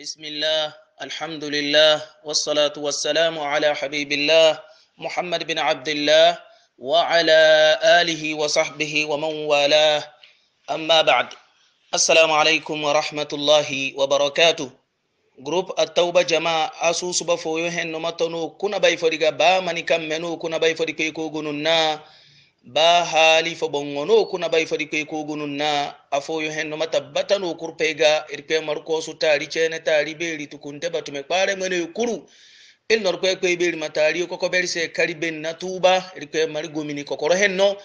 بسم الله الحمد لله والصلاة والسلام على حبيب الله محمد بن عبد الله وعلى آله وصحبه ومن والاه أما بعد السلام عليكم ورحمة الله وبركاته جروب التوبة جماعة أسو foyo henno نمتنو كنا bay fodiga ba mani kammeno kuna bay fodi koy ba hali fa bongono kuna bai fadi ko gunun na afo yo hen no kurpega irpe ko su tari chene tari beri batu me pare mene yukuru il nor kwe kwe beri matari koko beri se kariben na tuba irpe mar gomini kokoro henno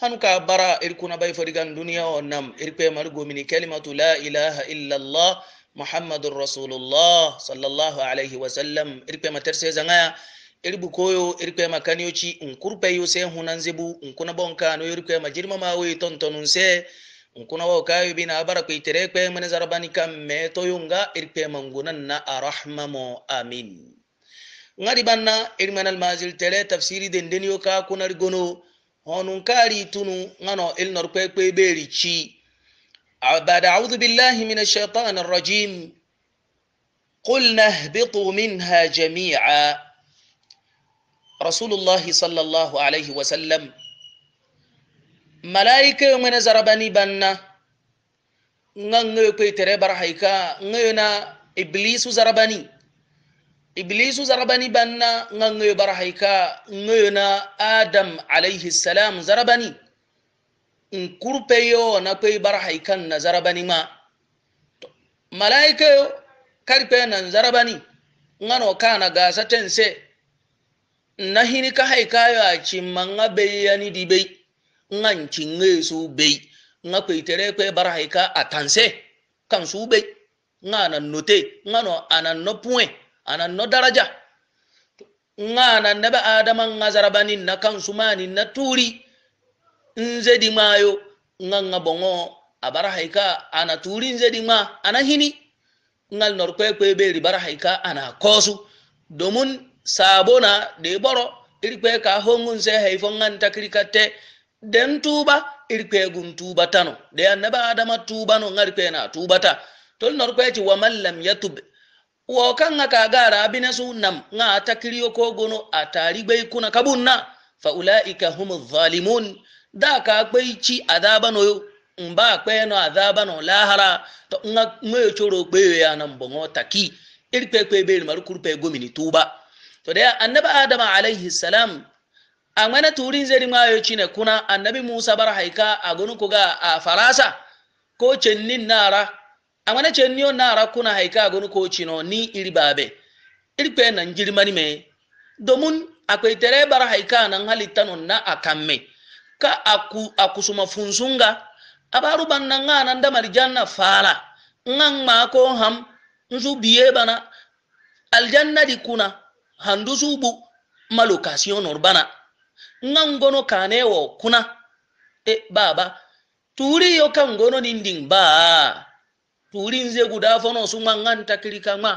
hanuka bara irkuna bai fadi gan duniya o nam irpe mar gomini kalimatu la ilaha illa allah muhammadur rasulullah sallallahu alaihi wasallam irpe se zangaya irbukoyo irkwema kanyoci nkurpeyo se hunan zebu nkuna bonkano irkwema jirma mawe tontonun se nkuna wa kayo bina abara ku itere kwe mene zarabani kam me toyunga irkwema ngunan na arahma mo amin ngari banna irmanal mazil tere tafsiri dendeniyo ka kunar gono honun kari tunu ngano ilnor kwe kwe beri chi بعد أعوذ بالله من الشيطان الرجيم قلنا اهبطوا منها جميعا rasulullahi sallallahu alaihi sallam malaika yo mana zarabani banna ŋa ŋeyo kwe tere barhaika ŋeyo na iblisu zarabani iblisu zarabani banna ngangwe barhaika barahayka na adam alaihi salam zarabani yo na kwe barhaika na zarabani ma malaika yo karpe na zarabani ngano kana gasa tense na hini ka hai a ci ma nga bei yani di bai nga nci ncinge su bai nga kweitere kwe bara hai ka atanse kan su bai nga na note nga no ana no point ana no daraja nga na nabe adama nga zarabani na kan sumani na turi nze di mayo nga nga bongo abara haika ana turi nze di ma ana hini ngal norkwe kwe beri bara haika ana kosu domin sabona de boro irikwe ka hongun se haifon ngan takrikate den tuba irikwe gun tuba tano de annaba adama tuba no ngarikwe na tuba ta tol norkwe ci wa man yatub wo kan ga kagara abina su nam nga takriyo ko gono atari bai kuna kabunna fa ulaika humuz zalimun da ka bai ci azaba no mba kwe no azaba no lahara to nga mwe choro kwe ya nan bongo taki irikwe kwe bai mar kurpe gomini tuba to da annabi Adamu alaihi salam angana turin rima ya cine kuna annabi musa bar haika ku ga a farasa ko cennin nara angana cenniyo nara kuna haika agonu ko cino ni iri babe iri nan me domin akwai tere bar haika nan halitta non na akamme ka aku suma funsunga abaru banna nga nan da marjanna fala ngan ma ko ham nzu biye bana aljanna di kuna handusubu ma location urbana ngangono kanewo kuna e baba turi yo kangono nindin ba Tuli nze guda fono sunga nganta kilika ma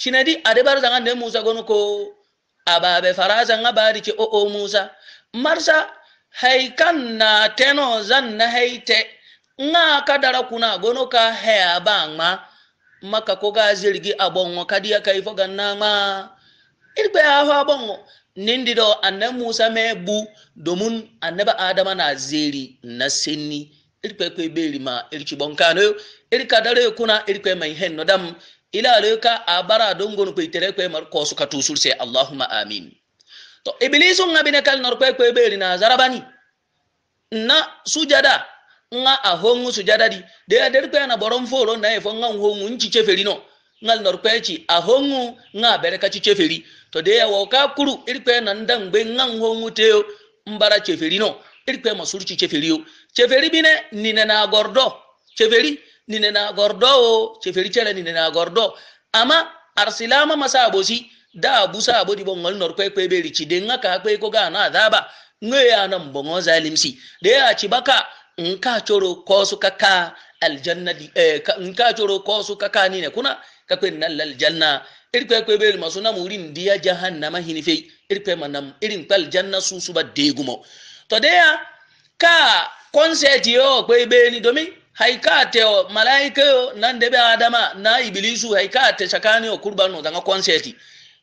chinadi adebar zanga ne musa gono ko ababe faraza nga bari ke o o musa marsa haikan na teno zan na haite nga kadara kuna gono ka haya ba ma maka ko ga zirgi abon kadiya kai fogan na ma irɓe yaho bon o nindi ɗo annabi musa ma bu domun annabi adama na zeri na senni irkue kue ɓeri ma irci bon kanoyo iri kadaroyo kuna irkue mai henno dam ilaroyo ka a bara don gonu kue tere kue mar kosuka tusur se allahuma amin to iblisu gabine kal nor kue kue ɓeri na zarabani na sujada ga a hongu sujada di de aderkue na boron foro nae fo ga hongu nci ceferino ngal norpechi ahongu nga bere kachi cheferi to de ya ka kuru irpe na ndangbe ngang hongu teo mbara cheferi no irpe masuru chi cheferi yo cheferi bine nine na gordo cheferi nine na gordo o cheferi chele nine na gordo ama arsilama masabosi da busa abodi bongal norpe kweberi chi de nga ka kwe ko ga na adaba ngwe ya na mbongo zalimsi de ya chibaka nka choro kosu kaka aljanna di eh ka nka ko su ka kani ne kuna ka kwe nan aljanna irpe kwe be masu na murin diya jahannama hinife irpe manam irin pal aljanna su su ba degumo to de ya ka konse yo o kwe be ni domi haikate o malaika yo nan de adama na ibilisu haikate sakani o kurbanu daga konseti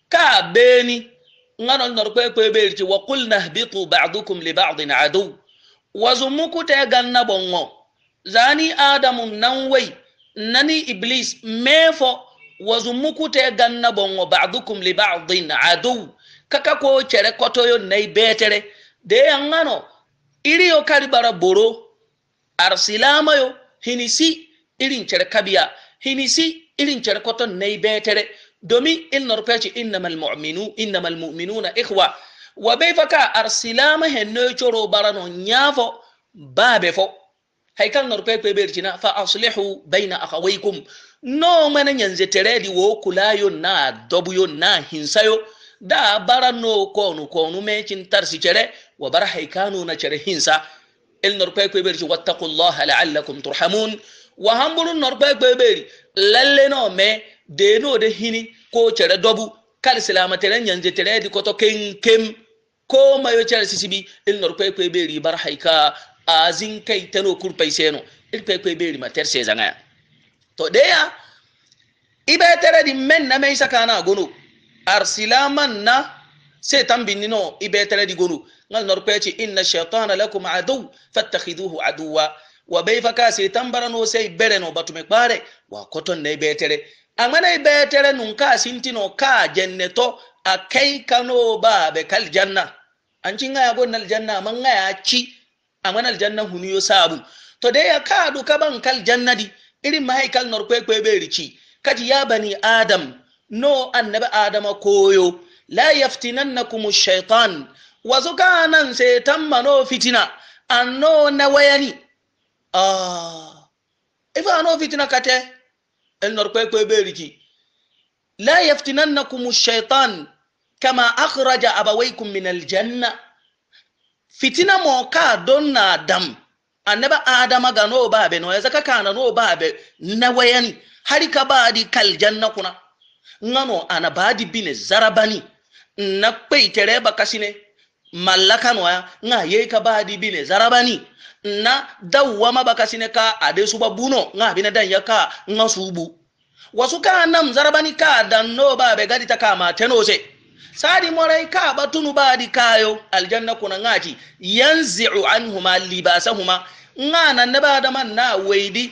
ka beni ni ngano nor kwe kwe be ti wa qulna ihbitu ba'dukum li ba'din adu wazumuku te ganna bongo zani adamu nan wai nani iblis mefo te ganna bongo ba'dukum li ba'din adu kaka ko chere kotoyo nei betere de angano iri yo karibara boro arsilama yo hinisi irin chere kabiya hinisi irin chere koto nei betere domi il norpeci innamal mu'minu innamal mu'minuna ikhwa wa bayfaka arsilama henno choro barano nyafo babe fo haikan nor kwe kwe berchina fa aslihu baina akhawaykum no mana nyanze teredi wo kulayo na dobuyo na hinsayo da bara no konu konu mecin tarsi chere wa bara haikanu na chere hinsa il nor kwe kwe berchi wattaqullaha la'allakum turhamun wa hamburu nor kwe kwe beri lalle no me de no de hini ko chere dobu kal tere nyanze teredi koto kenkem ko mayo chere sisibi il nor kwe kwe beri bara haika azin kai tano kurpai seno pe kwe beri mater se zanga to ya ibe tere di men na me isa kana gono arsilaman na se tambini no ibe tere di gono ngal norpe ci inna shaytana lakum adu fattakhiduhu aduwa wa bai faka se tambara no sai bere no batume bare wa koton ne ibe tere amana ibe tere nun ka sintino ka jenneto akai kano ba be kal janna an cin ya gonnal janna man y'a ci amanal aljanna huniyo sabu to dai ya kadu ban kal jannadi irin mahaikal norkwe kwe be rici kaji ya bani adam no annabi adama koyo la yaftinannakum shaitan wasu kanan ma mano fitina anno na wayani ah ifa ano fitina kate el norkwe kwe be rici la yaftinannakum shaitan kama akhraja abawaykum min janna. fitina mo ka don na dam annaba adama ga no ba be no ka zaka na no ba be na wayani hari ka ba di kal janna kuna ngano ana ba di bine zarabani na kwai tere ba kasine mallaka no ya nga ye ka ba di bine zarabani na dawwama ba kasine ka ade su ba buno nga bine dan ya ka su bu wasu ka nam zarabani ka dan no ba be gadi ta kama tenose sadi morai ka batunu badi kayo aljanna kuna ngaji yanzi'u anhuma libasahuma ngana ne da man na weidi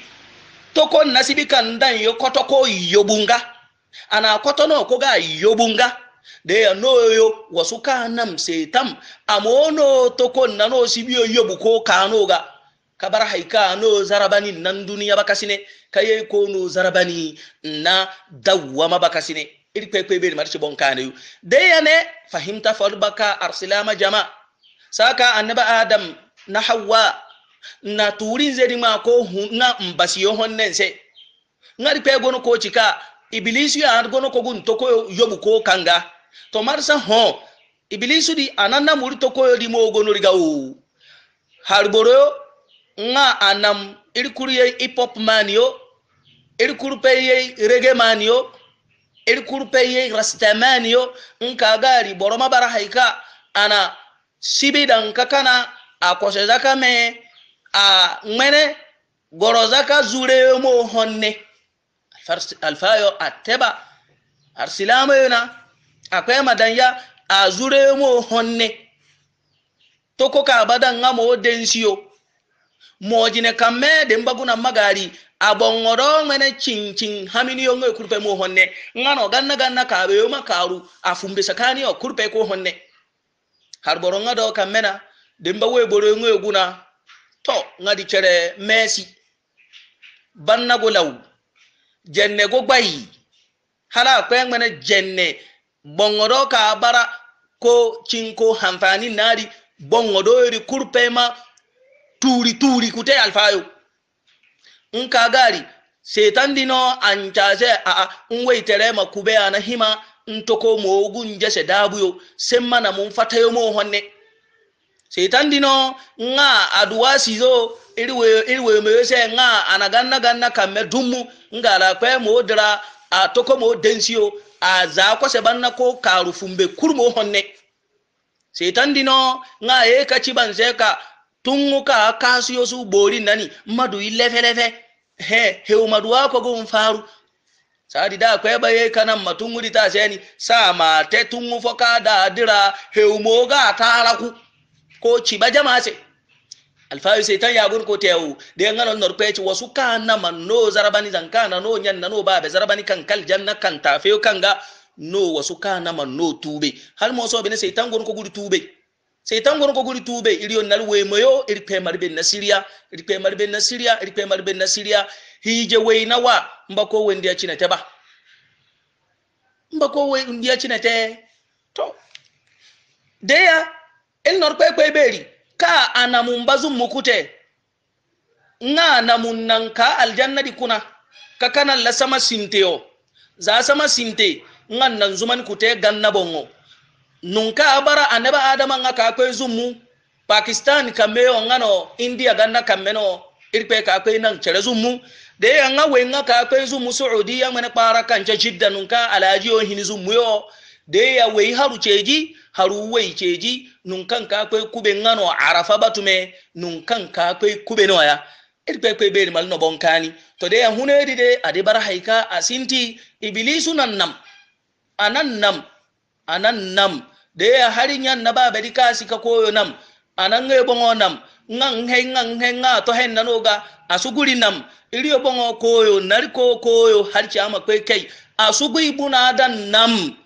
toko nasibi kan dan yo koto ko yobunga ana koto no ko ga yobunga de ya noyo wasu kanam setam amono toko nano sibiyo yobu ko kanoga kabar haika no zarabani nan duniya bakasine kaye ko no zarabani na dawwama bakasine iri kwekwe marci bon kanayu dai ya ne fahimta farbaka arsilama jama saka annaba adam na hawa na turin ma ko na mbasiyo honnen se ngari kwe gono ko chika ibilisu ya ar gono ko gun to ko yobu ko kanga to marsa ho iblisu di ananna muri to ko di mo gono riga harboro nga anam irkurpeye rastamaniyo nka gari boroma bara haika ana sibida kakana a kwashe zaka me a mene goro zaka zure mo honne alfayo ateba arsilama yana akwai madanya a zure mo honne toko ka badan ngamo densiyo mojine kamme de mbaguna magari abongoro mene cincin hamini yongo kurpe mo honne ngano ganna ganna kabe yo karu afumbe sakani o kurpe ko honne har boronga do kammena de mbawe boro ngo guna to ngadi cere mesi banna go law jenne go bayi hala ko mene jenne bongoro ka bara ko cinko hanfani nari bongo do yori kurpe ma turi turi-turi tuuri kutee alfaayo n kaa gaari seetan dino ancaase na n weytereema kube ana hima n toko moogun jese mana semma namun fatayomoo honne seetan dino nga aduwa iriwe iri weyomeyose nga ana ganna ganna kamme dummu ngala kpee mo dira a toko moo densiyo a ko kose banna ko kaaru fumbe kurmoo honne seetan dino nga ye ka ban se ka tun ka kasiyo su bori na ni, madu yi lefe lefe he he madu ko gun faru sadi da kwe baye kanan ma matun wuri ta sai ni sa ma te tun ka da dira he mo ta alaku? ko ci ba jama'a ce alfayu sai tan yagun ko tewu da yan ganon norpeci wasu kana man no zarabani zankana no nyan na no ba be zarabani kan kal janna kan tafe kan ga no wasu kana man no tube har mo so bi ne sai tan gun ko guri tube seitan gon ko guri tube iriyo nal weymoyo iri pemar ben na siriya iri pemar ben na siriya iri pemar ben na siriya hiije weynawa mbako wendiya cinete ba mbako wendiya cinete to deya el nor kwekwe beri ka anamun bazun mukute nga anamun nan ka aljanna di kuna ka kanan la sama sinteyo za sama sinte nga nan zuman kute ganna bongo nunka bara anaba adama nga ka kwe zumu pakistan kameo ngano india ganna kameno irpe ka kwe nan chere zumu de nga we nga ka kwe zumu saudi ya mene para kanche jidda nunka alaji o hin zumu yo de ya we haru cheji haru we cheji nunkan ka kwe kube ngano arafa batume nunkan ka kwe kube no ya irpe kwe be mal no bonkani to de ya hunedi de ade bara haika asinti ibilisu nan nam anan nam anan nam Da de harin yan na babari kasi ka sika koyo nam ananga e bongo nam ngang he ngang he nga to hen nanoga asuguri nam Iri iliyo bongo koyo nariko koyo harci ama kai kai ibu na dan nam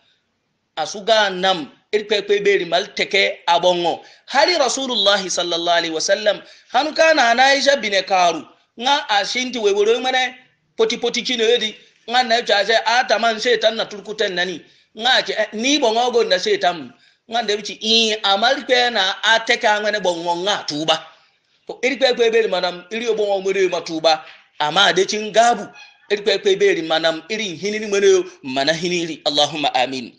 asuga nam Iri kai-kai irkwekwe beri mal teke abongo hari rasulullah sallallahu alaihi wasallam hanu kana na anaisha bine karu nga ashinti weworo mane poti poti kino yedi nga na chaje ata man shetan na turkuten nani ngache eh, ni bongo go na setam ngande bichi i amal kwe na ateka ngene bongo nga tuba to iri kwe kwe beri manam iri obongo ngere ma tuba ama de chin gabu iri kwe kwe beri manam iri hinini ngene mana hinili allahumma amin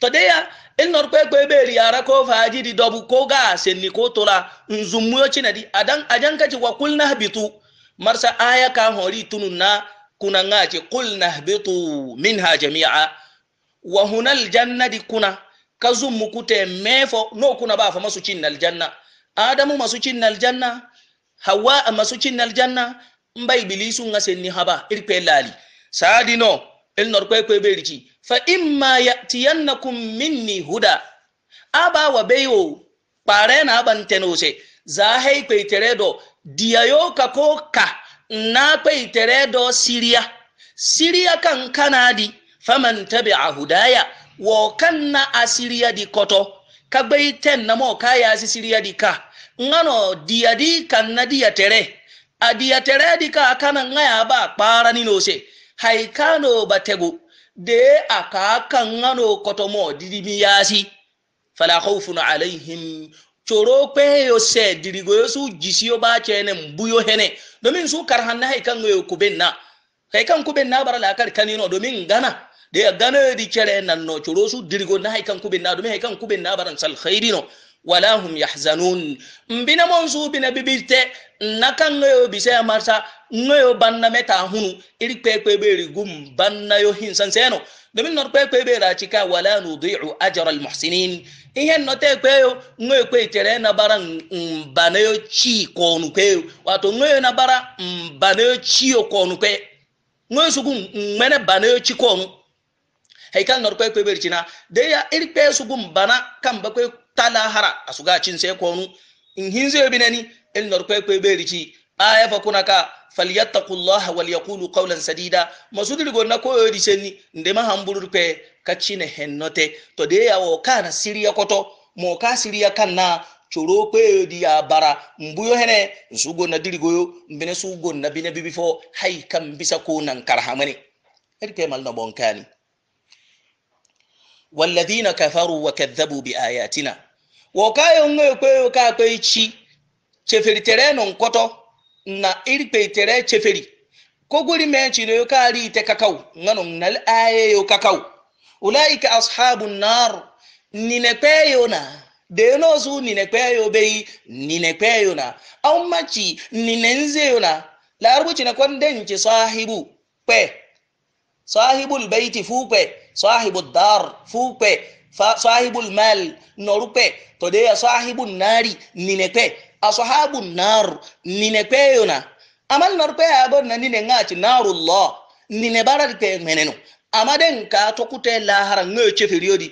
to de ya in nor kwe kwe beri yara ko faji di dobu ko ga ni ko tola nzumuyo chinadi adan ajan kaji wa kulna habitu marsa aya ka hori tununna kuna ngache qulna habitu minha jami'a wa hunal di kuna kazum mukute mefo no kuna ba fa masu cin aljanna adamu masu cin aljanna hawa masu cin aljanna mba ibilisu nga senni haba irpe lali sadi no il nor kwe kwe berici fa imma yatiyannakum minni huda aba wa beyo pare na aban tenose za hei kwe iteredo diayo ka na kwe iteredo siria siria kan kanadi faman a hudaya wokan na asiriya di koto bai ten mo kaya asiriya di ka ngano diyadi kanna diya tere a diya tere di ka kana ngaya ba kpara ni nose haikano batego de aka kan ngano koto mo didi yasi fala khawfun alaihim coro pe yo se dirigo yo su jisiyo ba chene yo hene domin su karhan na haikan yo kubenna haikan kubenna bara la kar kanino domin gana de ya gana di chere nan no choro su dirgo na haikan kubin na dume haikan kubin na baran sal no wala hum yahzanun mbina monsu bina bibilte na kan ngayo bisaya marsa ngayo banna meta hunu iri pepe be gum banna yo hinsan seno domin nor pepe bera chika wala nudi'u ajra al muhsinin ihe no te peyo ngayo kwe tere na bara mbanayo chi konu kwe wato ngayo na bara mbanayo chi konu kwe ngayo sugu mmene banayo chi konu haikal kan nor kwe kwe ya iri su gun bana kan bakwai talahara a su gacin sai konu in bi nani il nor kwe kwe berchi aya fa kuna ka falyattaqullaha wal yaqulu qawlan sadida masudiri na koyo di senni ndema ka kwe kacine hennote to de ya wo na siriya koto mo ka siriya kan na, coro kpeyo di ya bara mbuyo hene nsugo na dirigoyo mbene sugo na bine bibifo hay kam bisa ko nan karhamani mal bonkani walladhina kafaru wa kadhabu bi ayatina wa kayo ngoy kweyo ka kwe chi cheferi no nkoto na irpe tere cheferi koguri menchi no yokari te kakau ngano nal aye yo kakau ulaika ashabun nar ninekweyo na denozu ninekweyo bei ninekweyo na machi aumachi yo na la arbu chi na kwanden ci sahibu pe sahibul baiti fu pe sahibud dar fupe sahibul mal norupe today sahibun nari ninepe ashabun nar ninepe yona amal norupe abon na nine ngachi narullah nine barade menenu amaden ka tokute lahara ngeche feriodi